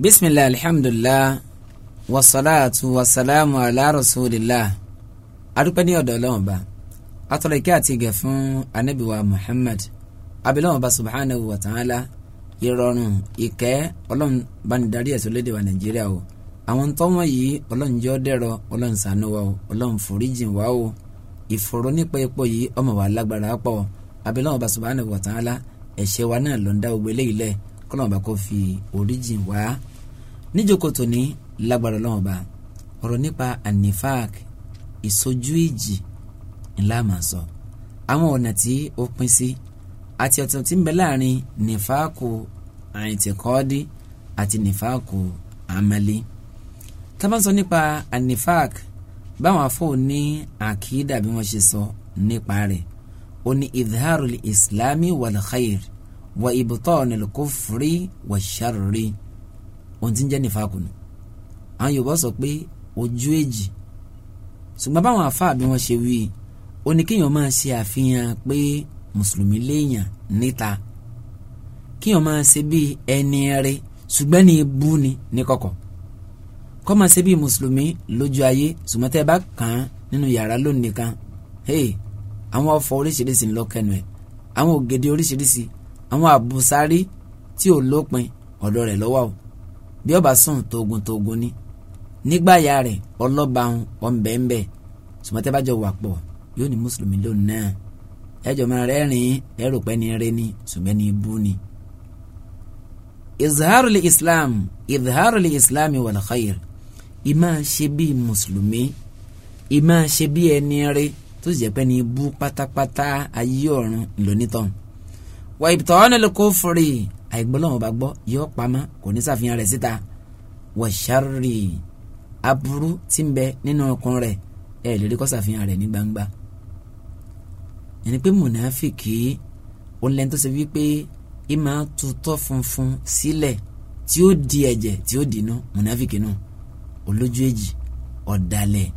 bisimilahi alihamdulilah wasalaatu wasalaamu ala rasulillah adúpẹ́ ní ọ̀dọ̀ Ọlọ́run ba atọrọ ìkẹ́ àti ìgẹ̀ fún anabiwa Muhammad abilọ́wọ́n ba subhanahu wa ta'ala ìrọ̀rùn ìkẹ́ Ọlọ́run bá ní darí ẹ̀sọ́ lédè wa Nàìjíríà o àwọn tọ́wọ́n yìí Ọlọ́run jọ́ dẹ̀rọ Ọlọ́run ṣàánú wa o Ọlọ́run foríjìn wa o ìfòró nípa epo yìí ọmọ wa lágbára pọ̀ abilọ́wọ́n subhanahu wa ta'ala ẹ̀ṣẹ̀ wa náà ló ń dá lẹ̀ kọ́lọ́wọ́n bá fi oríjìn wá níjókòó tòní lágbára Ọlọ́run bá ọ̀rọ̀ nípa anifak ìsojú ìjì ńlá màá sọ àwọn ọ̀nà tí ó pín sí àti ọ̀tọ̀ tí ń bẹ láàrin nifaku àìtìkọ́ọ́dí àti nifaku amali tá bá ń sọ nípa anifak báwọn afọ́ ní àkídà bí wọ́n ṣe sọ nípa rẹ̀ ó ní idharu islami wal khair wa ibtani al kufri wa sharri ohun tí ń jẹ́ nífàkù nù àwọn Yorùbá sọ pé ojú èjì ṣùgbọ́n báwọn àfáà bí wọ́n ṣe wí ó ní kéèyàn máa ṣe àfihàn pé mùsùlùmí léèyàn níta kéèyàn máa ṣe bí ẹni rẹ ṣùgbọ́n ní ibú ni ní kọ́ máa ṣe bí mùsùlùmí lójú ayé ṣùgbọ́n tẹ́ ẹ bá kàn án nínú yàrá lónìí nìkan hey àwọn ọ̀fọ̀ oríṣiríṣi ń lọ kẹnu ẹ̀ àwọn ògèdè oríṣiríṣi àwọn àbùsárí tí ò lópin ọ̀dọ̀ rẹ̀ lọ́wọ́ bí ọba sùn togun-togun ni nígbà ya rẹ̀ ọlọ́ba ń ọ̀nbẹ̀ẹ́nbẹ̀ sùmọ́tẹ́ bá jọ wà pọ̀ yóò ní mùsùlùmí lónìí náà ẹjọ́ máa rẹ́rìn ẹ̀rọ pẹ́ ni rẹ́ ni sùmẹ́ ni bú ni. ìzàárò lè islam ìzàárò lè islam wal khair ìmáa ṣe bíi mùsùlùmí ìmáa ṣe bíi ẹni rẹ́ tó jẹ́ pẹ́ ni bú pátápátá ayé ọ̀run lónítàn. wà ìbùtọ́ ọ̀nà lè kó fúri àìgbọ́lọ́wọ́n bá gbọ́ yọ pamọ́ kò ní sàfihàn rẹ̀ síta wọ̀ṣárì aburú tí ń bẹ nínú ọkàn rẹ̀ ẹ̀ lè rí kọ́ sàfihàn rẹ̀ ní gbangba. ẹni pé mùnàfíkì òun lẹ́ni tó ṣe wípé ìmọ̀ tutọ́ funfun sílẹ̀ tí ó di ẹ̀jẹ̀ tí ó dìínú mùnàfíkì nù olójú èjì ọ̀dàlẹ̀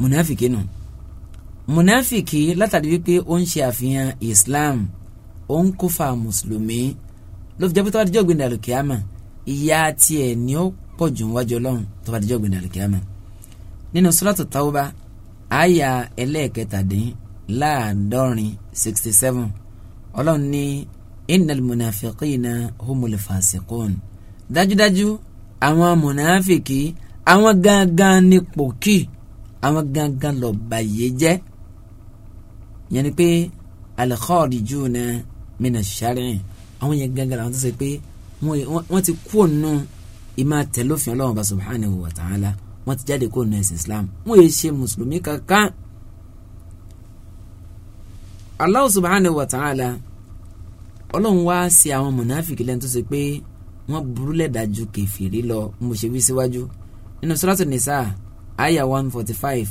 mùnàfíkì nù mùnàfíkì látàrí wípé ó ń ṣe àfihàn Islam òun kó fa mùsùlùmí ló fi jẹ́ pé tó bá dijọ́ gbẹ̀ndẹ̀ àlùkìyàmà ìyà tiẹ̀ ni ó pọ̀ jù wájú ọlọ́run tó bá dijọ́ gbẹ̀ndẹ̀ àlùkìyàmà nínú suratu tawba àyà ẹlẹ́ẹ̀kẹtàdínláàdọ́rin sixty seven ọlọ́run ní innal munafiqina humul fasiqun dájúdájú àwọn mùnàfìkì àwọn gangan ní pòkì àwọn gangan lọ́ọ́ bàyè jẹ́ yẹn ni pé al-kharijuna mina ṣáríyìn àwọn yẹn gángan àwọn tó ṣe pé wọ́n ti kú ònú ìmọ̀ tẹ̀lófin ọlọ́run bá subhanahu wa ta'ala wọ́n ti jáde kó ònú ẹ̀sìn islam wọ́n yẹ ṣe mùsùlùmí kankan. Allah subhanahu wa ta'ala ọlọ́run wá sí àwọn mọ̀nàfíkì lẹ́nu tó ṣe pé wọ́n burú lẹ́dàá ju kẹfìrí lọ mo ṣe wí síwájú nínú suratu nisa àyà one forty five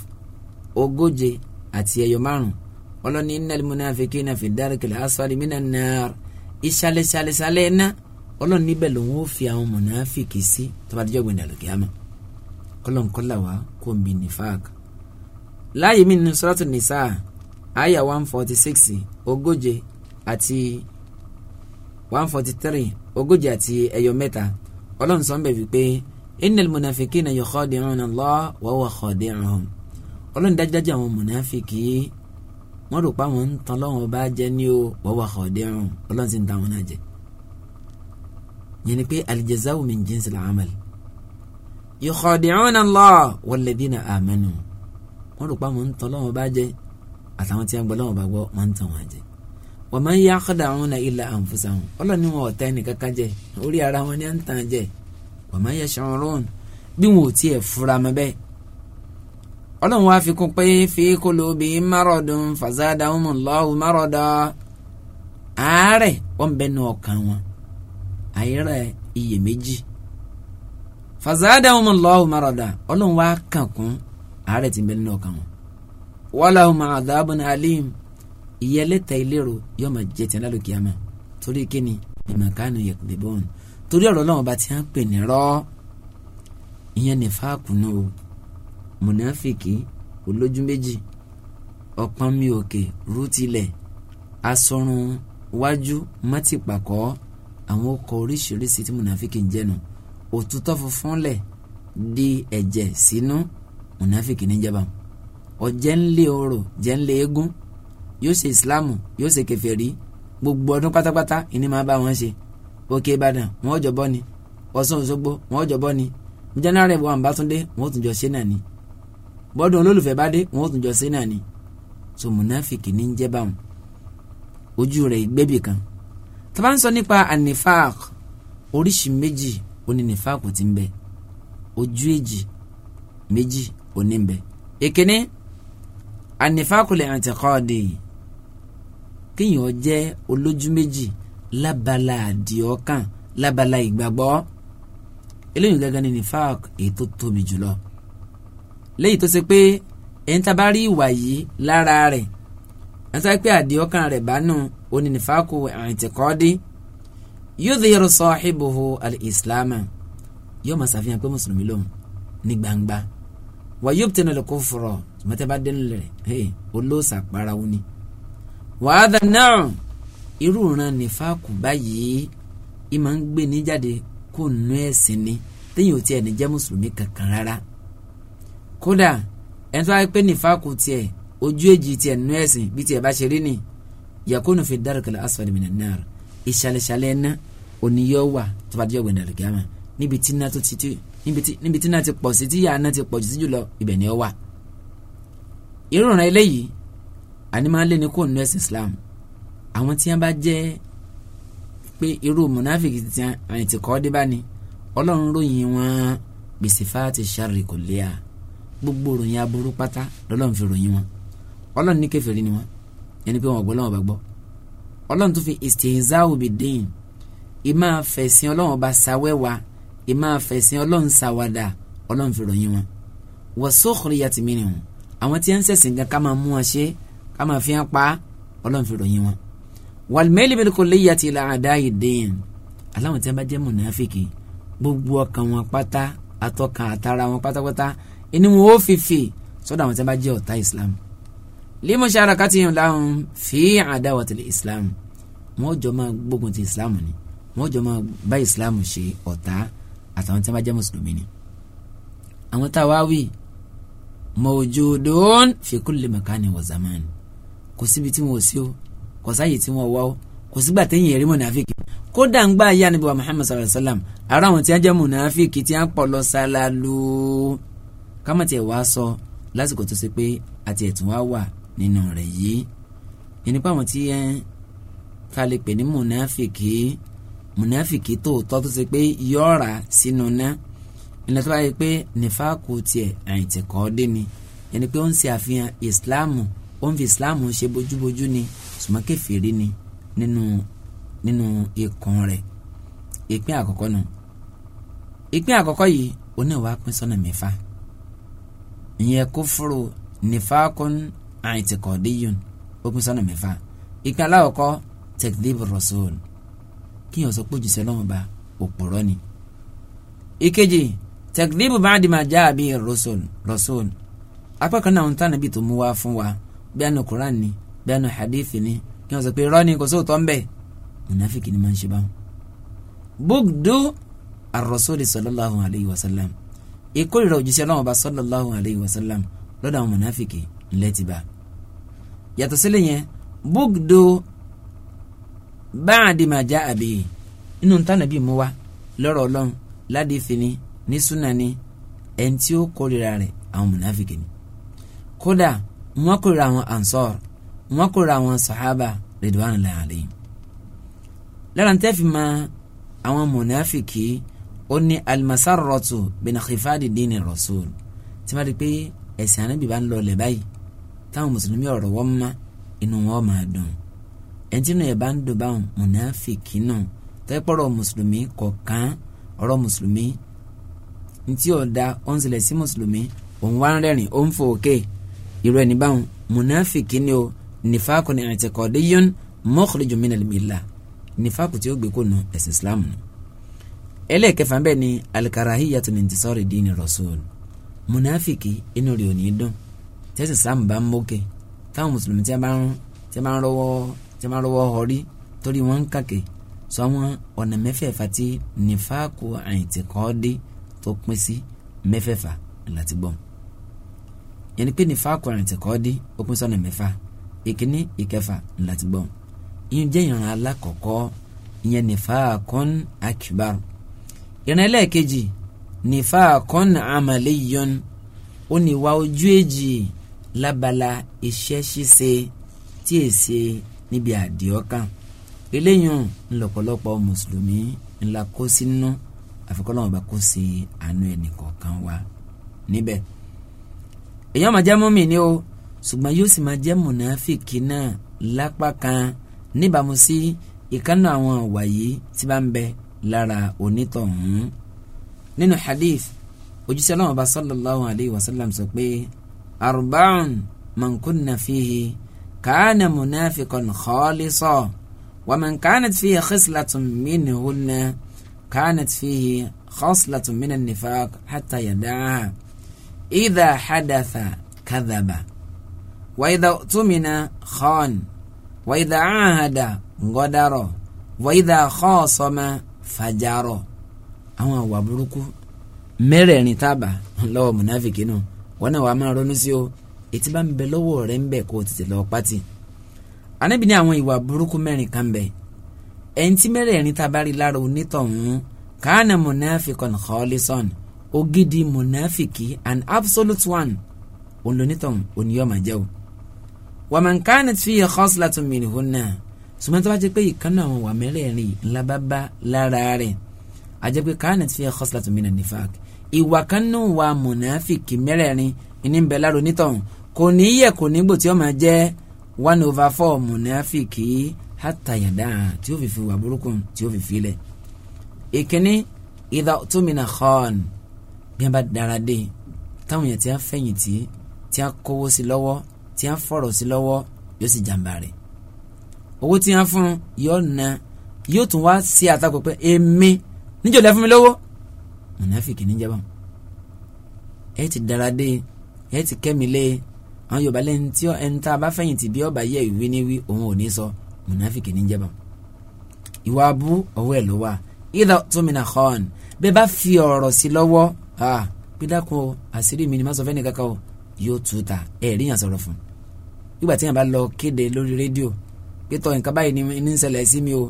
ogóje àti ẹyọ márùn ọlọ́ni innal munafikina fi darkil asfali minan nar ìsàlẹ̀ sàlẹ̀ sàlẹ̀ iná ọlọ́ni níbẹ̀ lòun ó fi àwọn munafiki sí tọ́badíjọ́ gbẹ̀dẹ̀ àlùkìyàmà kọ́lọ̀nkọ́là wa kò ń bi nifaq. láàyè mi nínú suratu nisa àyà one forty six ogóje àti one forty three ogóje àti ẹ̀yọ mẹ́ta ọlọ́run sọ ń bẹ̀ wípé innal munafikina yukhadi'una Allah wa huwa khadi'uhum ọlọ́run dájúdájú àwọn munafiki yìí wọ́n rò pé àwọn ń tan lọ́wọ́n ọba jẹ́ ní o wọ́wọ́ àkọ́dẹ́rùn ọlọ́run sì ń ta wọn náà jẹ. yẹn ni pé aljazau min jinsil amal yukhadi'una Allah walladhina amanu wọ́n rò pé àwọn ń tan lọ́wọ́n ọba jẹ àtàwọn tí wọ́n gbọ́ lọ́wọ́n ọba gbọ́ wọ́n ń tan wọn jẹ. wa man yakhda'una illa anfusahum ọlọ́run ni wọn ò tẹ́ ẹnìkankan jẹ orí ara wọn ni à ń tàn jẹ wa ma yash'urun bí wọn ò tiẹ̀ fura mọ́ bẹ́ẹ̀ ọlọ́run wá fi kún pé fi kulubi maradun fazadahumullahu marada àárẹ̀ wọ́n bẹ nu ọkàn wọn àìrẹ̀ iyèméjì fazadahumullahu marada ọlọ́run wá kàn kún àárẹ̀ tí ń bẹ nínú ọkàn wọn. walahum adhabun alim ìyẹlẹ́ta ìlérò yóò máa jẹ tiẹ̀ lálùkì àmà torí kíni ìmọ̀kánu yẹ̀kùdìbọ̀n torí ọ̀rọ̀ ọlọ́run ọba tí wọ́n pè ní rọ́ ìyẹn Munafiki olójú méjì ọ̀pọ̀n mi òkè rútilẹ̀ asọ̀rùn wájú mọ́tìpàkọ́ àwọn ọkọ̀ oríṣiríṣi tí mùnàfìkì ń jẹ́nu òtútọ́ funfun lẹ̀ di ẹ̀jẹ̀ sínú munafiki níjàmbá ọ̀jẹ̀ ń lé orò jẹ́ ń lé eégún yóò ṣe ìsìláàmù yóò ṣe kèfèrí gbogbo ọdún pátápátá ìní máa bá wọn ṣe òkè ìbàdàn wọn ò jọ bọ́ ni ọ̀ṣun òṣogbo wọn ò jọ bọ́ ni jẹ́nẹ́rẹ́ ìwọ̀n àbátúndé wọn ò tún jọ ṣe náà ni bọ́dún olólùfẹ́ bá dé wọn tún jọ sí náà ni so munafiki ní ń jẹ́ báwọn ojú rẹ̀ gbébì kan tá bá ń sọ nípa anifak oríṣi méjì oní nifak ti ń bẹ ojú èjì méjì oní ń bẹ èkíní anifakulẹ̀ àtẹ̀kọ́ọ̀dì kéèyàn ó jẹ́ olójú méjì lábala àdìọ́kàn lábala ìgbàgbọ́ eléyìí gángan ní nifak èyí tó tóbi jùlọ léyìí tó ṣe pé ẹni tá a bá rí ìwà yìí lára rẹ̀ ẹni tá a pé àdé ọkàn rẹ̀ bánú onínìfàkù àìtìkọ́dé yudhiru sahibuhu al-islama yóò máa ṣàfihàn pé mùsùlùmí lòun ní gbangba wà yóò tẹnu lè kó fọrọ tòmọ́tẹ́ bá dénú rẹ̀ hey, olóòsà parawo ni. wàá dà náà irú ìran nífàkù báyìí ìmọ̀ ń gbé ní kó nú ẹ̀sìn ni téèyàn ò tiẹ̀ ní jẹ́ mùsùlùmí kankan rárá kódà ẹni tó wáyé pé nífàkù tiẹ̀ ojú èjì tiẹ̀ nínú ẹ̀sìn bí tiẹ̀ bá ṣe rí ni yakunu fi dárìkìlà asfali minan nar ìṣàlẹ̀ṣàlẹ̀ ẹ̀ná oníyọ̀ wà tó bá dé ọ̀gbìn àlùkìyàmà níbi tí iná tó ti tú níbi tí iná ti pọ̀ sí tí yàrá iná ti pọ̀ jù sí jùlọ ibẹ̀ ni ó wà. ìrora eléyìí àní máa lé ní kó nù ẹ̀sìn Islam àwọn tí wọn bá jẹ́ pé irú mùnáfìkì tí wọn ti kọ́ dé bá ni Ọlọ́run ròyìn wọn bí sifati sharri kulliya gbogbo ròyìn aburú pátá lọ́lọ́run fi ròyìn wọn ọlọ́run ní kèfèrí ni wọn ẹni pé wọn gbọ́ lọ́wọ́ bá gbọ́ ọlọ́run tó fi istihza'u bid-din ìmá fẹ̀sìn ọlọ́run ọba ṣàwẹ́wà ìmá fẹ̀sìn ọlọ́run ṣàwàdà ọlọ́run fi ròyìn wọn wa sukhriyat minhum àwọn tí wọ́n ń ṣẹ̀sìn gan ká máa mú wọn ṣe ká máa fi hàn pa ọlọ́run fi ròyìn wọn wal-mayli bil-kulliyati ẹni wọn ó fèfè sọ́dọ̀ àwọn tí wọ́n bá jẹ́ ọ̀tá islam limu sharakati yẹn lahun fi adawatil islam wọn ò jọ máa gbógun ti islam ni wọn ò jọ máa bá islam ṣe ọ̀tá àtàwọn tí wọ́n bá jẹ́ mùsùlùmí ni àwọn tá a wá wí mọ̀jọ̀dọ́n fi kulli makani wa zaman kò síbi tí wọn ò sí o kò sáyè tí wọn ò wá o kò sígbà téèyàn ẹ̀rí mọ̀nàfíkì kódà ń yá níbi wa muhammad sallallahu alayhi wa sallam ara àwọn tí wọ́n jẹ́ mọ̀nàfíkì tí wọ́n pọ̀ lọ sálálú kámátì ẹ̀ wá sọ lásìkò tó ṣe pé àti ẹ̀tún wá wà nínú rẹ̀ yìí ẹni pàwọn tí ẹ ká lè pè ní mùnáfìkì mùnáfìkì tòótọ́ tó ṣe pé yọ̀ọ̀ra sínú ná ìlànà tó bá yẹ pé nífàkù tiẹ̀ àìtì kọ́ dé ni ẹni pé ó ń ṣe àfihàn ìsìláàmù ó ń fi ìsìláàmù ṣe bójúbójú ni ṣùgbọ́n kèfèrí ni nínú nínú ikùn rẹ̀ ìpín àkọ́kọ́ nù ìpín àkọ́kọ́ yìí ó náà pín sọ́nà mẹ́fà ìyẹn kófòrò nífàkún àìtìkọ̀déyùn ópin sọ́nà mẹ́fà ìpín aláwọ̀kọ́ tẹ̀kídébù rọ̀sọ́ọ̀l kí yẹn sọ pé jùsẹ̀ náà bá òpòrọ́ ni. ìkejì tẹ̀kídébù bá di máa já àbí rọ̀sọ́ọ̀l rọ̀sọ́ọ̀l apá kan náà ń tàn tó mú wá fún wa bí àná Kùrán ni bí àná hadithi ni kí wọ́n sọ pé irọ́ ni kò sóòtọ́ ń bẹ̀ mùnàfíkì ni máa ń ṣe báwọn. bugdu ar-rasuli sallallahu alayhi wa sallam ìkórìíra òjíṣẹ́ ọlọ́run ọba sallallahu alayhi wa sallam lọ́dọ̀ àwọn mọ̀náfìkì ńlẹ́ ti bá. yàtọ̀ sílẹ̀ yẹn búgdó báàdì máa já àbí inú ntànàbí mu wa lọ́rọ̀ ọlọ́run ládìfini ní súnani ẹni tí ó kórìíra rẹ̀ àwọn mọ̀náfìkì ni. kódà wọ́n kórìíra àwọn ansọ́r wọ́n kórìíra àwọn sàhábà ridwanullahi alayhim. lára ń tẹ́ fi máa àwọn mọ̀náfìkì yìí ó ní alimasarrotu bin khifadi dini rasul tí wọ́n rí pé ẹ̀sìn anábì bá ń lọ ọ̀lẹ̀ báyìí táwọn mùsùlùmí ọ̀rọ̀ wọn mọ́ inú wọn máa dùn ẹni tí inú ẹ̀ bá ń dùn báwọn mùnàfíkì náà tẹ́pọ̀rọ̀ mùsùlùmí kọ̀ọ̀kan ọ̀rọ̀ mùsùlùmí ntí ọ̀dà ọ̀nsẹ̀lẹ̀ sí mùsùlùmí òun wá ń rẹ́rìn ó ń fò òkè irú ẹni báwọn mùnàfíkì ni o nífàkùn ìrìntẹ̀kọ̀ọ́dẹ́yọ́n mọ́kùnrin jùmínà lè mi là nífàkùn tí ó gbé kó nu ẹ̀sìn Islam nù ẹlẹ́ẹ̀kẹfà ń bẹ̀ ni alikarahiya tó ní ti sọ́ọ̀rì dín rasul munafiki inú rẹ̀ ò ní dùn tẹ́sí sáàmù bá ń mókè táwọn mùsùlùmí tí a bá ń rọwọ́ tí a bá ń rọwọ́ ọ̀rí torí wọ́n ń kàkè sọ wọn ọ̀nà mẹ́fẹ̀ẹ̀fà tí nífàkù àìtìkọ́ọ́dé tó pín sí mẹ́fẹ̀ẹ̀fà láti gbọ́n yẹn pé nífàkù àìtìkọ́ọ́dé ó pín sọ́nà mẹ́fà ìkíní ìkẹfà láti gbọ́n ìyẹn jẹ́ ìran alákọ̀ọ́kọ́ ìyẹn nífàkùn akbar ìran ẹlẹ́ẹ̀kejì nifaqun amaliyyun ó ní ìwà ojú èjì lábala iṣẹ́ ṣíṣe tí èsè níbi àdìọ́kàn eléyìí ńlọ́pọ̀lọpọ̀ mùsùlùmí ńlá kó sínú àfikọ́lọ́wọ́n bá kó sí àánú ẹnì kọ̀ọ̀kan wa níbẹ̀ èèyàn máa jẹ́ mọ́mì ni o ṣùgbọ́n yóò sì máa jẹ́ mùnàfíkì náà lápá kan níbàámu sí ìkànnà àwọn àwàyí tí bá ń bẹ lára onítọ̀hún nínú hadith ojúṣe náà bá sallallahu alayhi wa sallam sọ pé arba'un man kunna fihi kaana munafiqan khalisa wa man kaanat fihi khislatun minhunna kaanat fihi khaslatun minan nifaq hatta yadaha idha hadatha kadhaba wa idha tumina khan wa idha ngodaro wa idha fàjárọ àwọn àwà burúkú mẹ́rẹ̀ẹ̀rin tábà lọ́wọ́ mùnáfìkì náà wọn náà wàá máa ronú sí o ètí bá ń bẹ lọ́wọ́ rẹ ń bẹ kó o tètè lọ pátì Ànábì ní àwọn ìwà burúkú mẹ́rin kan bẹ ẹni tí mẹ́rẹ̀ẹ̀rin tábà rí lára onítọ̀hún kàánà mùnáfìkàn khalisan ògidì mùnáfìkì an absolute one òun lónítọ̀hún òníyọ́ màjẹ́ o wàmàǹkánà tí fi yẹ khaslatun minhunna ṣùgbọ́n tó bá jẹ́ pé ìkànnì àwọn wà mẹ́rẹ̀ẹ̀rin ńlá bá bá lára rẹ̀ a jẹ́ pé káàní ti fi ẹ̀ khaslatun minan nifaq ìwà kanú wa mùnàfíkì mẹ́rẹ̀ẹ̀rin ìní ń bẹ lára onítọ̀hún kò ní yẹ kò ní gbò tí ó máa jẹ́ one over four mùnàfíkì hàtàyàdá tí ó fi fi wà burúkú tí ó fi fi lẹ̀. ìkíní ìdá tómìnà xọ́ọ̀n bí wọ́n bá dára dé táwọn èèyàn ti á fẹ̀yìntì tí á kówó sí lọ́wọ́ tí á fọ̀rọ̀ sí lọ́wọ́ yóò sì jàǹbá rẹ̀ owó tí wọ́n fún yóò na yóò tún wá sí àtakò pé èmi níjọ́ lẹ́ fún mi lówó mùnàfíkì níjàmbá ẹ ti dára dé ẹ ti kẹ́mi lé àwọn yorùbá lẹ́yìn tí ẹni tá a bá fẹ̀yìntì bí ọba yẹ ìwé ní wí òun ò ní sọ mùnàfíkì níjàmbá ìwà abú ọwọ́ ẹ̀ ló wà ìdá tómìnà hàn bẹ́ẹ̀ bá fi ọ̀rọ̀ sí lọ́wọ́ pídàkùn àṣírí mi ni má sọ fẹ́ kankan yóò tú ta ẹ̀ẹ́dínyàn sọ̀rọ̀ fún un nígbà tí yàn bá lọ kéde lórí rédíò pétọ́ nǹkan báyìí ní ń ṣẹlẹ̀ sí mi o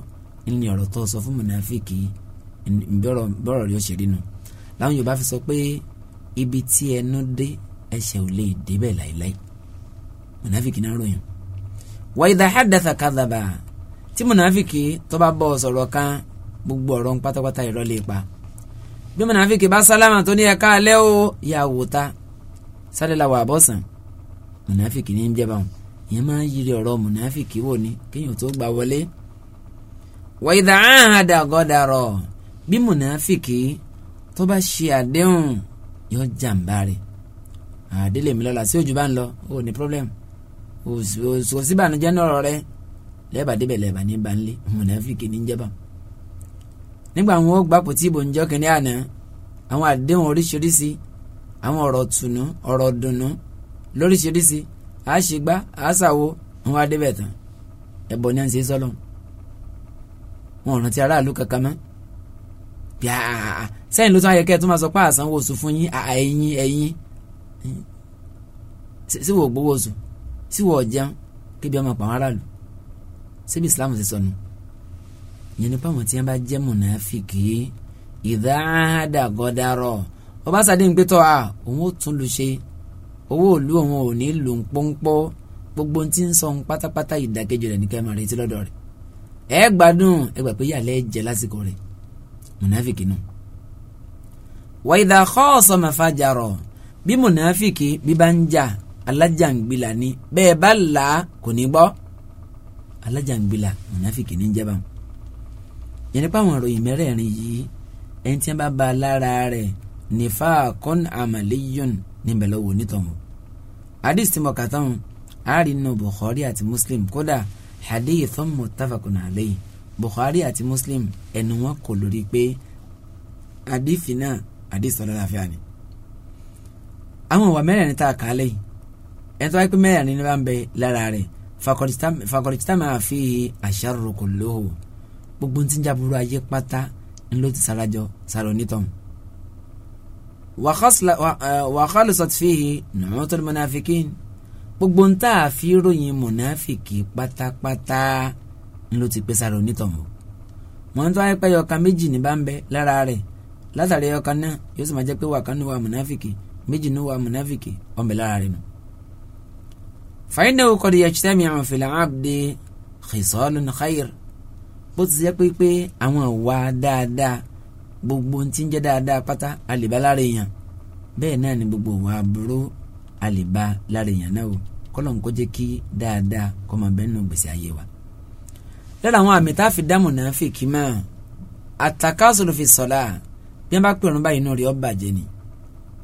ní ọ̀rọ̀ tó fún mùnàfíkì bọ́rọ̀ rí nu láwọn Yorùbá fi sọ pé ibi tí ẹnu dé ẹsẹ̀ ò lè débẹ̀ láìláì mùnàfíkì náà ròyìn. wa tí mùnàfíkì tó bá bọ́ sọ̀rọ̀ kan gbogbo ọ̀rọ̀ ń pátápátá irọ́ lè bí bá sálámà tó ní ẹ̀ka alẹ́ o yà wò ta ìyẹn máa ń yiri ọ̀rọ̀ mùnáfìkì wò ni kéèyàn tó gbà wọlé. wàyídà áhàdà gọ́dàrọ̀ bí mùnáfìkì tó bá ṣe àdéhùn yóò jàǹbá rẹ̀ àdélé mi lọ́la sí òjò bá ń lọ ó ní problem òsò síbànújẹ́ náà rọ̀ rẹ̀ lẹ́ẹ̀bà débẹ̀ lẹ́ẹ̀bà ní banlé mùnáfìkì ní jẹ́bà. nígbà wọn ó gbapò tí ibò ń jọ́ kínní àná àwọn àdéhùn oríṣiríṣi àwọn ọ̀rọ̀ tùnú ọ̀rọ̀ dùnú lóríṣiríṣi á ṣègbà á ṣàwo wọn á débẹ̀ tán ẹ̀bọ ni à ń ṣe sọ́lọ́ wọn ò rántí aráàlú kankan mọ́ bí a sẹ́yìn ló tún ayẹkẹ́ tó máa sọ pé àsanwó oṣù fún yín ẹ̀yin ẹ̀yin sí wò gbowó oṣù sí wò ọ̀jẹun kébi ọmọ pàwọn aráàlú síbi Islam ti sọnù yẹn ni pàwọn tí wọn bá jẹ́ mùnàfíkì ìdáhàdàgọ́dárọ̀ ọbaṣadé ń pé tọ́ a òun ó tún lu ṣe owó ìlú òun ò ní lò ń pọ́npọ́ gbogbo ohun tí ń sọ pátápátá ìdàkejì rẹ̀ nìkan máa retí lọ́dọ̀ rẹ̀ ẹ gbádùn ẹ gbà pé yàlẹ́ jẹ lásìkò rẹ̀ mùnàfíkì nù. wàyídà kọ́ọ̀sọ màfàjàrọ̀ bí mùnàfíkì bí bá ń jà alájàngbìlà ni bẹ́ẹ̀ bá là á kò ní gbọ́ alájàngbìlà mùnàfíkì ní jẹba yẹnni pàwọn ìròyìn mẹ́rẹ̀ẹ̀rin yìí ẹni tí wọ́n bá ba lára rẹ̀ nífà kọ́n àmàlẹ́yọ̀n níbẹ̀ lọ́wọ́ onítọ̀hún hadith tí mo kà tán àárín nínú Bukhari àti Muslim kódà hadithun muttafaqun alayhi Bukhari àti Muslim ẹnu wọn kò lórí pé hadith náà hadith sọ̀rọ̀ láfíà ni. àwọn ìwà mẹ́rẹ̀ẹ̀rin tá a kà á lẹ́yìn ẹni tó wáyé pé mẹ́rẹ̀ẹ̀rin ni bá ń bẹ lára rẹ̀ fakọ̀rìtìtà máa fi àṣàrò kò lóhùn gbogbo ní ti ń jábúrú ayé pátá ńlọ ti sarajọ sàrọ̀ onítọ̀hún wàhálùsọ̀t fìhì nùmọ́tò mọ̀nàfíkìn gbogbo ń tà fi ròyìn mọ̀nàfíkì pátápátá ńlọ ti pèsè àrò onítọ̀mọ̀ wọ́n tó ayẹ́pẹ́ yọ̀ọ̀ka méjì ní bá ń bẹ lára rẹ̀ látàrí ọkàn náà yóò sì máa jẹ́ pé wàkàn ní wa méjì ní wa mọ̀nàfíkì ọ̀nbẹ lára rẹ̀ nù. fàyínà òkò di yàtúntà mi àwọn fìlà ábde xìsọ́ọ̀lù nàkàyèrè bó ti jẹ́ pé pé àwọn àwa dáadáa gbogbo ti ń jẹ́ dáadáa pátá àlèbá lára èèyàn bẹ́ẹ̀ náà ni gbogbo wa burú àlèbá lára èèyàn náà o kọ́lọ̀ ń kó jẹ́ kí dáadáa kọ́ máa bẹ́ẹ̀ nù gbèsè ayé wa. lára àwọn àmì tá a fi dáàmú náà fi kí mọ́ àtàkásùlù fi sọ̀lá bí wọ́n bá pèrún báyìí inú rẹ̀ ọ́ bàjẹ́ ni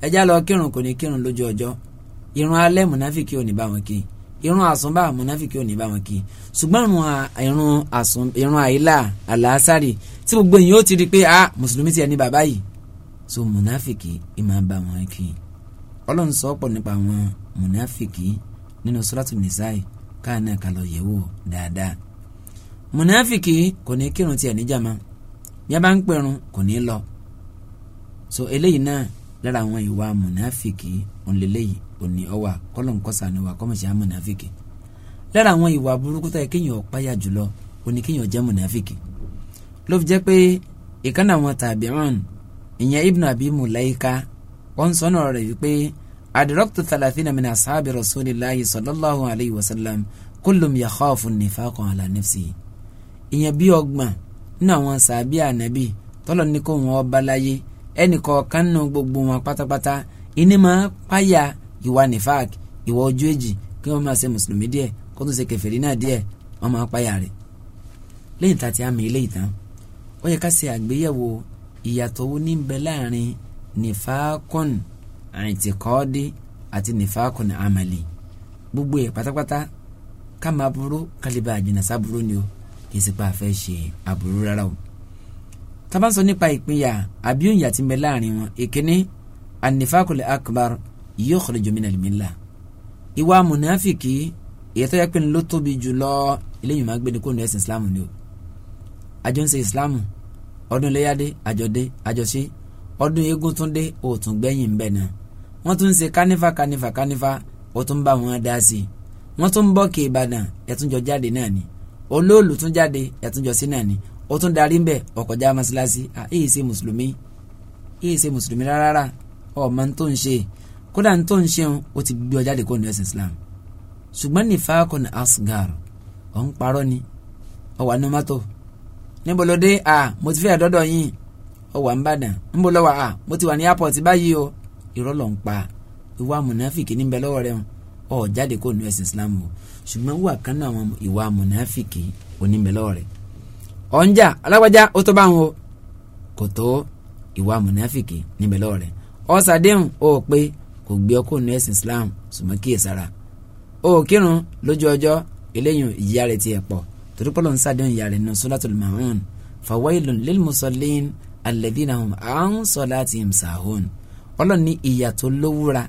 ẹjá lọ kírun kò ní kírun lójú ọjọ́ irun alẹ́ mùnáfíkì ò ní bá wọn kí i irun àsùnbà mọ̀nàfíkì ò ní bá wọn kí ṣùgbọ́n irun àsùn irun àìlà àlàásárì tí gbogbo èèyàn ó ti rí i pé a mùsùlùmí ti ẹni bàbá yìí so mọ̀nàfíkì ì máa bá wọn kí ọlọ́run sọ pọ̀ nípa àwọn mọ̀nàfíkì nínú sọ́látù nìsáì káà náà ká lọ yẹ̀wò dáadáa mọ̀nàfíkì kò ní kírun tiẹ̀ níjàmá bí a bá ń pẹ̀rùn kò ní lọ so eléyìí náà lára àwọn ìwà mọ̀nàfíkì òǹlẹ́lẹ́yìí òní ọwà kọ́lọ̀ nkọ́sà ni wà kọ́mọ̀ṣẹ́ amúnáfíkì lára àwọn ìwà burúkú tó yẹ kéèyàn páyà jùlọ òní kéèyàn jẹ́ múnáfíkì ló fi jẹ́ pé ìkànnì àwọn tàbíọ́n ìyẹn ibnu abi mulaika wọ́n sọ náà rẹ̀ wípé adiraktu thalathina min ashabi rasulillahi sallallahu alayhi wa sallam kullum yakhafu nifaqan ala nafsi ìyẹn bí ọgbọ̀n nínú àwọn sàbí ànábì tọ́lọ̀ ní kó wọn ọba láyé ẹnì kọ̀ọ̀kan nínú gbogbo wọn ìní máa páyà ìwà nifak ìwà ojú èjì kí wọ́n máa ṣe mùsùlùmí díẹ̀ kó tún ṣe kèfèrí náà díẹ̀ wọ́n máa páyà rẹ̀ lẹ́yìn tá a ti àmì eléyìí tán ó yẹ ká ṣe àgbéyẹ̀wò ìyàtọ̀ wo ní láàrin nifakun àìtìkọ́ọ́dí àti nifakun amali gbogbo ẹ̀ pátápátá ká máa burú kálíbà àjìnà sábúrú ni o kì í sì pa àfẹ́ ṣe àbúrú rárá o tá bá ń sọ nípa ìpínyà àbí òǹyà tí ń bẹ láàrin wọn ìkíní anifakul akbar yukhriju minal milla ìwà mùnàfìkì èyí tó yẹ pé ló tóbi jù lọ eléyìí máa gbéni kóńdó ẹ̀sìn islam ni o àjọ ń ṣe islam ọdún iléyàdé àjọdé àjọṣe ọdún eégún tún dé òòtún gbẹ̀yìn ń bẹ̀ náà wọ́n tún ń ṣe kánífà kánífà kánífà ó tún bá wọn dá sí i tún ń bọ́ kí jáde náà ni olóòlù tún jáde ẹ̀túnjọ náà ni ó darí ń bẹ̀ ọ̀kọ̀já mọ́sálásí à èyí ṣe mùsùlùmí èyí ṣe mùsùlùmí rárá ọ̀ máa ń kódà ní tó ń ó ti gbé ọ jáde ní ẹ̀sìn Islam ṣùgbọ́n nífàákùn ní asgar ọ̀ ń parọ́ ni ọ wà ní mọ́tò níbo ló dé a mo ti fẹ́ àdọ́dọ̀ yín ọ wà ń bàdàn níbo ló wà a mo ti wà ní airport báyìí o irọ́ ló ń pa ìwà mùnàfìkì níbẹ̀ lọ́wọ́ rẹ̀ ọ jáde kó ní ẹ̀sìn Islam o ṣùgbọ́n wà kan náà àwọn ìwà mùnàfìkì oníbẹ̀ lọ́wọ́ rẹ̀ ọ̀ alágbájá ó tó bá wọn o kò tó ìwà kò gbé ọkọ ní ẹ̀sìn Islam sùmọ́ kíyè sára ó kírun lójú ọjọ́ eléyìí ìyá rẹ̀ tiẹ̀ pọ̀ torí pọ́lọ́ ń sàdéhùn ìyá rẹ̀ nù Suratul Maun fawailun lil musallin alladhina hum an salatihim sahun ọlọ́ni ìyà tó lówúra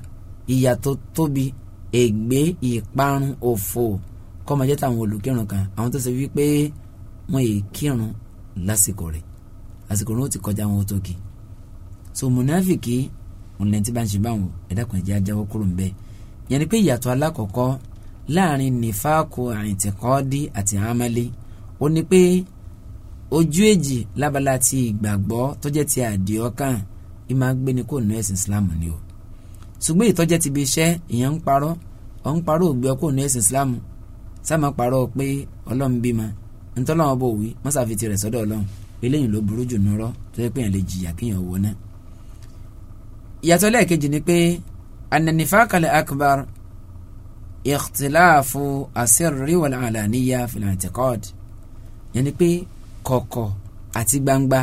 ìyà tó tóbi ègbé ìparun òfò kọ́mọjẹ́ táwọn olùkírun kan àwọn tó ṣe wípé wọn è kírun lásìkò rẹ̀ àsìkò rẹ̀ ó ti kọjá wọn ó tó kì so munafiki ọ̀nà tí bá ń ṣe báwọn ẹ̀dá kan jẹ́ ajáwọ́ kúrò ńbẹ́ yẹnni pé ìyàtọ̀ alákọ̀ọ́kọ́ láàrin nífàkù àìtẹ̀kọ́ọ́dí àti àmàlẹ́ ó ní pé ojú èjì lábala ti ìgbàgbọ́ tó jẹ́ ti àdìọ́kàn ì máa gbé ní kò nú ẹ̀sìn Islam ni o ṣùgbọ́n ìtọ́jẹ́ ti bí iṣẹ́ ìyẹn ń parọ́ ọ̀ ń parọ́ ògbé ọkọ̀ nú ẹ̀sìn Islam sáàmà parọ́ pé Ọlọ́run bímọ ntọ́lọ́wọ́n bò wí mọ́sàfitì rẹ̀ sọ́dọ̀ Ọlọ́run eléyìí ló burú jù nírọ́ tó yẹ pé yẹn lè jìyà kéèyàn wọ náà ìyàtọ̀ lẹ́ẹ̀kejì ni pé ananifakale akbar ìkhtìláàfù àṣírí wal àlàníyà filantikọ́d yẹn ni pé kọ̀kọ̀ àti gbangba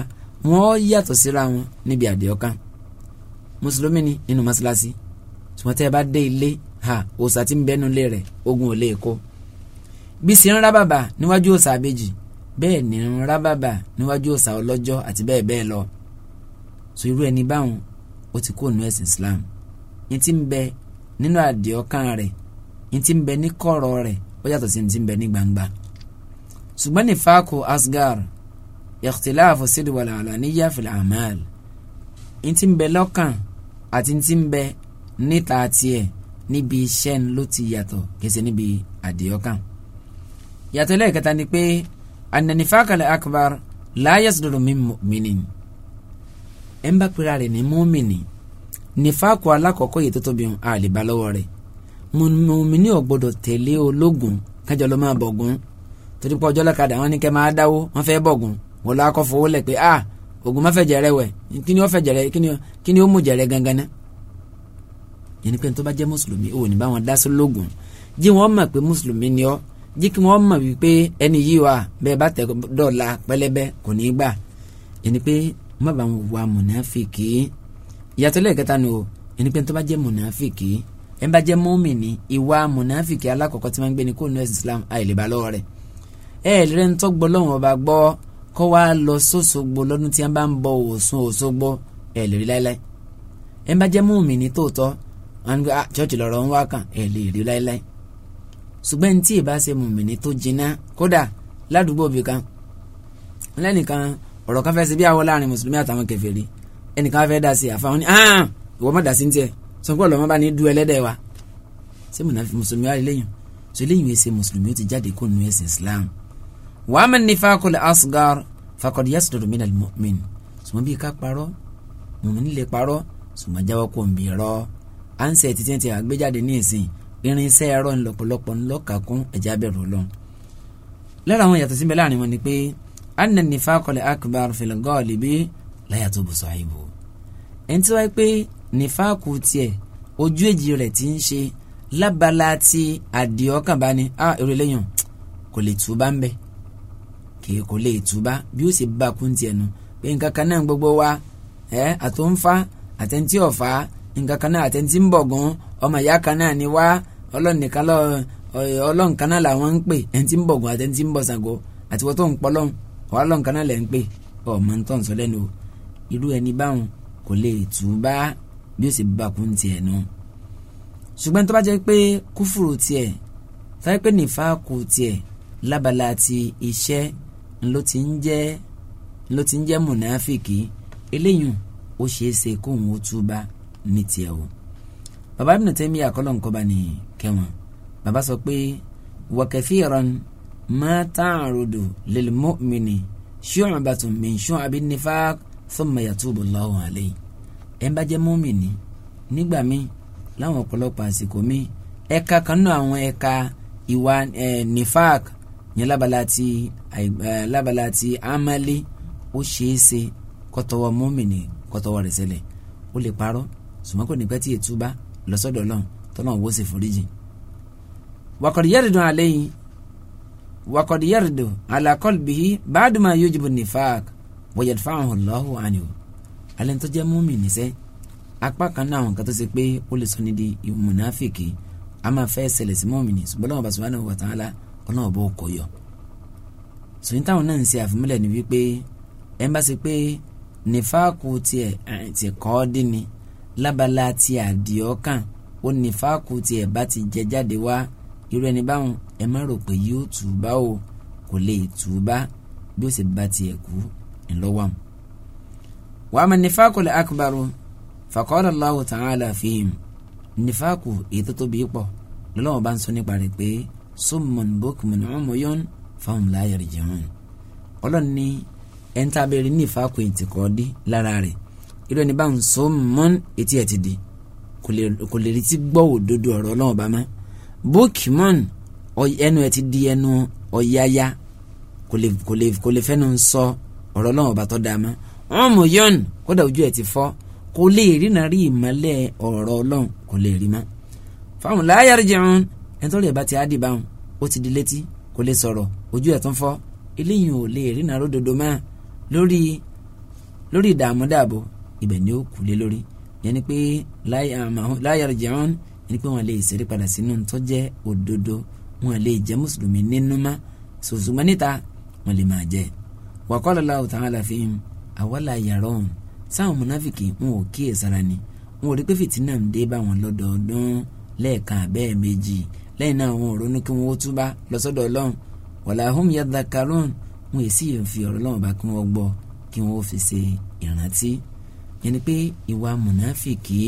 wọ́n yàtọ̀ síra wọn níbi àdéhọ́kàn mùsùlùmí ni nínú mọ́ṣáláṣí ṣùgbọ́n tẹ́ ẹ bá dé ilé ha òòṣà ti ń bẹ́nu lé rẹ̀ ogun ò lè kó bí sì ń rá bàbà níwájú òòṣà àbejì bẹ́ẹ̀ ni ń rá bàbà níwájú òòṣà ọlọ́jọ́ àti bẹ́ẹ̀ bẹ́ẹ̀ lọ so irú ẹni báwọn ó ti kó nínú ẹ̀sìn Islam yín ti ń bẹ nínú àdìẹ ọkàn rẹ̀ yín ti ń bẹ ní kọ̀rọ̀ rẹ̀ ó yàtọ̀ sí yín ti ń bẹ ní gbangba ṣùgbọ́n ní fáko asgar ìkìtìláàfọ̀ sídìwàlàlà ní yàfìlà àmàl yín ti ń bẹ lọ́kàn àti yín ti ń bẹ níta tiẹ̀ níbi iṣẹ́ ń ló ti yàtọ̀ kése níbi àdìẹ ọkàn yàtọ̀ lẹ́ẹ̀kẹta ni pé ananifákàlẹ̀ akbar láyé sọ̀rọ̀ mi mọ̀ mí nìyí ẹ ń bá pera rẹ̀ ní mọ́mìnì nífàkù yìí tó tóbi hàn àlèbá lọ́wọ́ rẹ̀ mọ́mìnì ò ológun kájọ ló máa bọ̀gún torí pé ọjọ́ lọ́kadà wọn ní kẹ́ máa dáwó wọn fẹ́ wọn akọ́ fowó lẹ̀ pé ah, ogun má fẹ́ jẹrẹ wẹ̀ kí ni ó fẹ́ jẹrẹ kí ni ó mú jẹrẹ gangan ná yẹn ni pé bá jẹ́ mùsùlùmí ò ní bá wọn dá ni ọ́ jí kí mọ̀ wípé ẹni má bàa wa mùnàfíkì ìyàtọ̀ lẹ́ẹ̀kẹta ni o ẹni pé tó bá jẹ́ mùnàfíkì ẹ bá jẹ́ mùmínì ìwà mùnàfíkì alákọ̀ọ́kọ́ tí wọ́n ń gbé ni kó nu ẹ̀sìn Islam àìlèbá lọ́wọ́ rẹ̀ ẹ ẹ̀ lẹ́rẹ́ ń tọ́gbọ́ lọ́wọ́ ọba gbọ́ kọ́ wa lọ sóṣogbo lọ́dún tí wọ́n bá ń bọ Ọ̀ṣun Òṣogbo ẹ lè rí láéláé ẹ bá jẹ́ mùmínì tòótọ́ wọn gbé chọ́ọ̀chì lọ́rọ̀ ń wá kàn ẹ lè rí láéláé ṣùgbọ́n tí ì bá ṣe mùmínì tó jiná kódà ládùúgbò bìkan lẹ́nìkan ọ̀rọ̀ kan fẹ́ ṣe bí awọ láàrin mùsùlùmí àtàwọn kèfèrí ẹnìkan fẹ́ dá sí àfáwọn ní ahàn ìwọ má dá sí tiẹ̀ sọ pé ọlọ́mọ bá ní du ẹlẹ́dẹ̀ wa ṣé mùsùlùmí wà lẹ́yìn sọ eléyìí wẹ́ẹ́ mùsùlùmí ó ti jáde kó nu ẹ̀sìn Islam. wàá mẹ́rin ní fákọ̀lẹ̀ asgar faqad yasdudu min al-mu'min ṣùgbọ́n bí ká parọ́ mùmín lè parọ́ ṣùgbọ́n jáwọ́ kó ń bì rọ́ à ń ṣe títí ti àgbéjáde ní ìsìn anna nifaq al-akbar fil ghalibi la yatubu sahibu ẹni tí wáyé pé nifaq tiẹ̀ ojú èjì rẹ̀ ti ń ṣe lábala ti àdìọ́kàn bá ní a ah, èrò lẹ́yìn kò lè túbá ń bẹ kì í kò lè túbá bí ó sì bá kún tiẹ̀ nu pé nǹkan kan náà gbogbo wa ẹ àtúnfà àtẹ̀ntì ọ̀fà nǹkan kan náà àtẹ̀ntì ń bọ̀gùn ọmọ ìyá kan náà ni wá ọlọ́ọ̀nìkan náà làwọn ń pè ẹ̀ntì ń bọ̀gùn àtẹ̀ntì ń bọ̀ Ṣàngó àtiwọ́ ń pọ̀ lọ́hùn wàá lọ́n kan náà lẹ́ ń pè ọmọ tó ń sọ lẹ́nu o irú ẹni báwọn kò lè tù ú bá bí ó sì bá kún tiẹ̀ nu ṣùgbọ́n tó bá jẹ́ pé kúfùrù tiẹ̀ táyé pé nìfà kù tiẹ̀ lábala ti iṣẹ́ ńlọ ti ń jẹ́ ńlọ ti ń jẹ́ mùnáfìkì eléyìí ó ṣeé ṣe kóun ó tú bá ní tiẹ̀ o bàbá Ibn Taymiyyah àkọlọ̀ ńkọ́ bá ní kẹwọn bàbá sọ pé wa kathiran ما تعرض للمؤمن شعبة من شعب النفاق ثم يتوب الله عليه ẹ bá jẹ́ mọ́mìnì nígbà míì láwọn ọ̀pọ̀lọpọ̀ àsìkò míì ẹ̀ka kan náà àwọn ẹ̀ka ìwà nifak yẹn lábala ti lábala ti amali ó ṣeé ṣe kọ́tọ́wọ́ mọ́mìnì kọ́tọ́wọ́ rẹ̀ ṣẹlẹ̀ ó lè parọ́ ṣùgbọ́n kò tí ètúbá lọ́sọ̀dọ̀ Ọlọ́run tọ́lọ́run wó wakọ̀dí yẹ́rìndò alakọ́lbìhí bàdùmá yójúbù nífàk wọ́yẹ̀ fáwọn ọlọ́hùn àníwò alẹ́ tó jẹ́ múmi nìṣẹ́ apá kan náà àwọn kan tó ṣe pé ó lè sọ ní di ìmùnáfìkì a máa fẹ́ ṣẹlẹ̀ sí múmi ní ṣùgbọ́n lọ́wọ́ bàṣẹ́ wọn wà tán á ọlọ́wọ́ bó kọ yọ. ni wípé ẹ bá ṣe pé nífàkù ti kọ́ dín ni lábala ti àdìọ́kàn ó nífàkù tiẹ̀ bá irú ẹni báwọn ẹ má rò pé yóò tù ú bá o kò lè tù ú bá bí ó sì bá tiẹ̀ kú ńlọ́wọ́ wàá ma nífàkù lè akbaru faqala Allahu ta'ala fihim nífàkù èyí tó tóbi pọ̀ lọ́lọ́wọ́ bá ń sọ nípa rẹ̀ pé summun bukmun umyun fahum la yarji'un ọlọ́run ní ẹni tá a bẹ̀rẹ̀ ní nífàkù ètí kọ́ dí lára rẹ̀ irú ẹni báwọn summun etí ẹ̀ ti di kò lè rí ti gbọ́ ọ̀rọ̀ ọlọ́wọ́ bá máa bookman ẹnu ẹ ti di ẹnu ọ̀yáyá kò lè kò lè kò lè fẹ́nu sọ ọ̀rọ̀ náà ọba tó dáa mọ́ wọn mú yọ́n kódà ojú ẹ̀ ti fọ́ kò lè rínà rí ìmọ̀lẹ̀ ọ̀rọ̀ ọlọ́run kò lè rí mọ́ fáwọn láyà rí jẹun ẹni tó lè bá ti àdìbà wọn ó ti di létí kò lè sọ̀rọ̀ ojú ẹ̀ tó fọ́ eléyìí ò lè rínà ródodo mọ́ lórí lórí ìdààmú dààbò ibẹ̀ ni ó kù lé lórí yẹn ni pé láyà jẹun ẹni pé wọn lè ṣeré padà sínú tó jẹ́ òdodo wọn lè jẹ́ mùsùlùmí nínú má ṣùgbọ́n níta wọn lè máa jẹ́ wa qala Allahu ta'ala fihim awala yarun sáwọn mọ̀nàfìkì wọn ò kíyè sára ni wọn ò rí pé fìtínà ń dé bá wọn lọ́dọọdún lẹ́ẹ̀kan abẹ́ẹ̀ méjì lẹ́yìn náà wọn ò ronú kí wọn ó túbá lọ́sọ́dọ̀ ọlọ́run wala hum yadhakkarun wọn èsì yẹn fi ọ̀rọ̀ lọ́wọ́ bá kí wọ́n gbọ́ kí wọ́n fi ṣe ìrántí yẹn ni pé ìwà mọ̀nàfìkì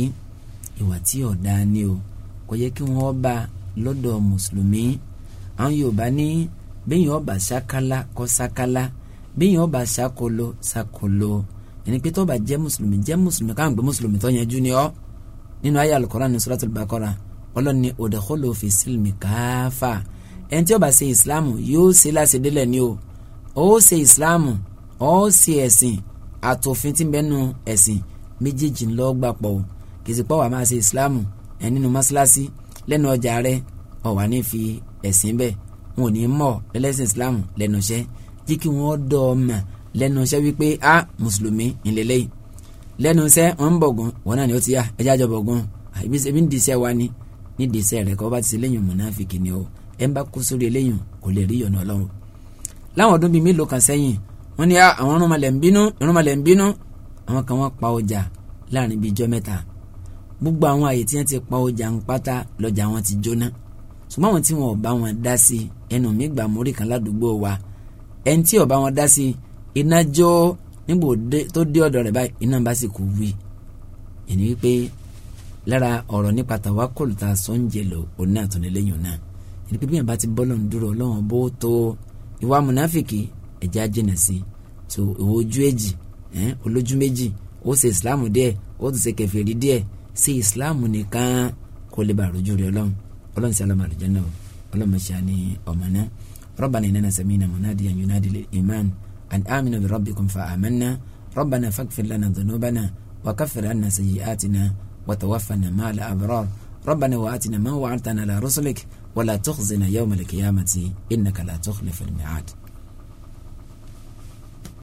ìwà tí ọ̀dá ni o kò yẹ kí wọ́n bá lọ́dọ̀ mùsùlùmí àwọn yorùbá ní bẹ́yìn ọba ṣakala kọ́ ṣakala bẹ́yìn ọba ṣakolo ṣakolo ẹni pé tọ́ba jẹ́ mùsùlùmí jẹ́ mùsùlùmí káwọn gbé mùsùlùmí tó yanjú ni ọ́ nínú ayé alukọ́ra ní suratul bakọ́ra ọlọ́run ní òdàkọ́lò fi sílùmí káfà ẹni tí ọba ṣe ìsìláàmù yóò ṣe láṣẹ délẹ̀ ni o ó ṣe ìsìláàmù ó ṣe ẹ̀sìn àtòfin tí ń bẹ́nu ẹ̀sìn méjèèjì ńlọ́gbàpọ̀ kìsìpọ̀ wà máa ṣe ìsìláàmù ẹ nínú mọ́ṣáláṣí lẹ́nu ọjà rẹ ó wá ní fi ẹ̀sìn bẹ́ẹ̀ wọn ò ní mọ̀ lẹ́lẹ́sìn Islam lẹ́nu iṣẹ́ jí kí wọ́n dọ̀ ọ́ mà lẹ́nu iṣẹ́ wípé a mùsùlùmí ńlẹ́lẹ́yìí lẹ́nu iṣẹ́ wọn ń bọ̀gùn wọn náà ni ó ti yá ẹjẹ́ àjọ bọ̀gùn ebi ń diṣẹ́ wa ni ní diṣẹ́ rẹ̀ kọ́ bá ti ṣe lẹ́yìn mùnáfíkì ni o ẹ̀ ń bá kó sórí eléyìn kò lè rí ìyọ̀nà Ọlọ́run. láwọn ọdún bíi mélòó kan sẹ́yìn wọ́n ní àwọn irúnmalẹ̀ ń bínú irúnmalẹ̀ ń bínú àwọn kan wọ́n pa ọjà láàrin bíi ijọ́ mẹ́ta gbogbo àwọn àyè tí wọ́n ti pa ọjà ń pátá lọ́jà wọn ti jóná ṣùgbọ́n àwọn tí wọn ò wọn dá sí ẹnu mi gbà mórí kan ládùúgbò wa ẹni tí ò bá wọn dá sí iná jó nígbò tó dé ọ̀dọ̀ rẹ̀ báyìí iná bá sì kú wí ẹni wípé lára ọ̀rọ̀ nípa tàwa kòlùtà sọ́njẹ́ lò òun náà tó lélẹ́yìn náà ẹni pé bí bá ti bọ́lọ̀ ń dúró ọlọ́wọ́n bó tó ìwà mùnáfìkì ẹ̀já jìnà sí so ìwọ ojú èjì olójú méjì ó ṣe ìsìláàmù díẹ̀ ó ti ṣe kèfèrí díẹ̀ sí islam nìkan kó lè bá rojú rẹ ọlọ́run ọlọ́run sí alọ́mọ àlùjánnà ọlọ́run mọ̀ṣá ní ọmọ náà ربنا إننا سمينا مناديا ينادي للإيمان أن آمنوا بربكم فآمنا ربنا فاغفر لنا ذنوبنا وكفر عنا سيئاتنا وتوفنا مع الأبرار ربنا وآتنا ما وعدتنا على رسلك ولا تخزنا يوم القيامة إنك لا تخلف الميعاد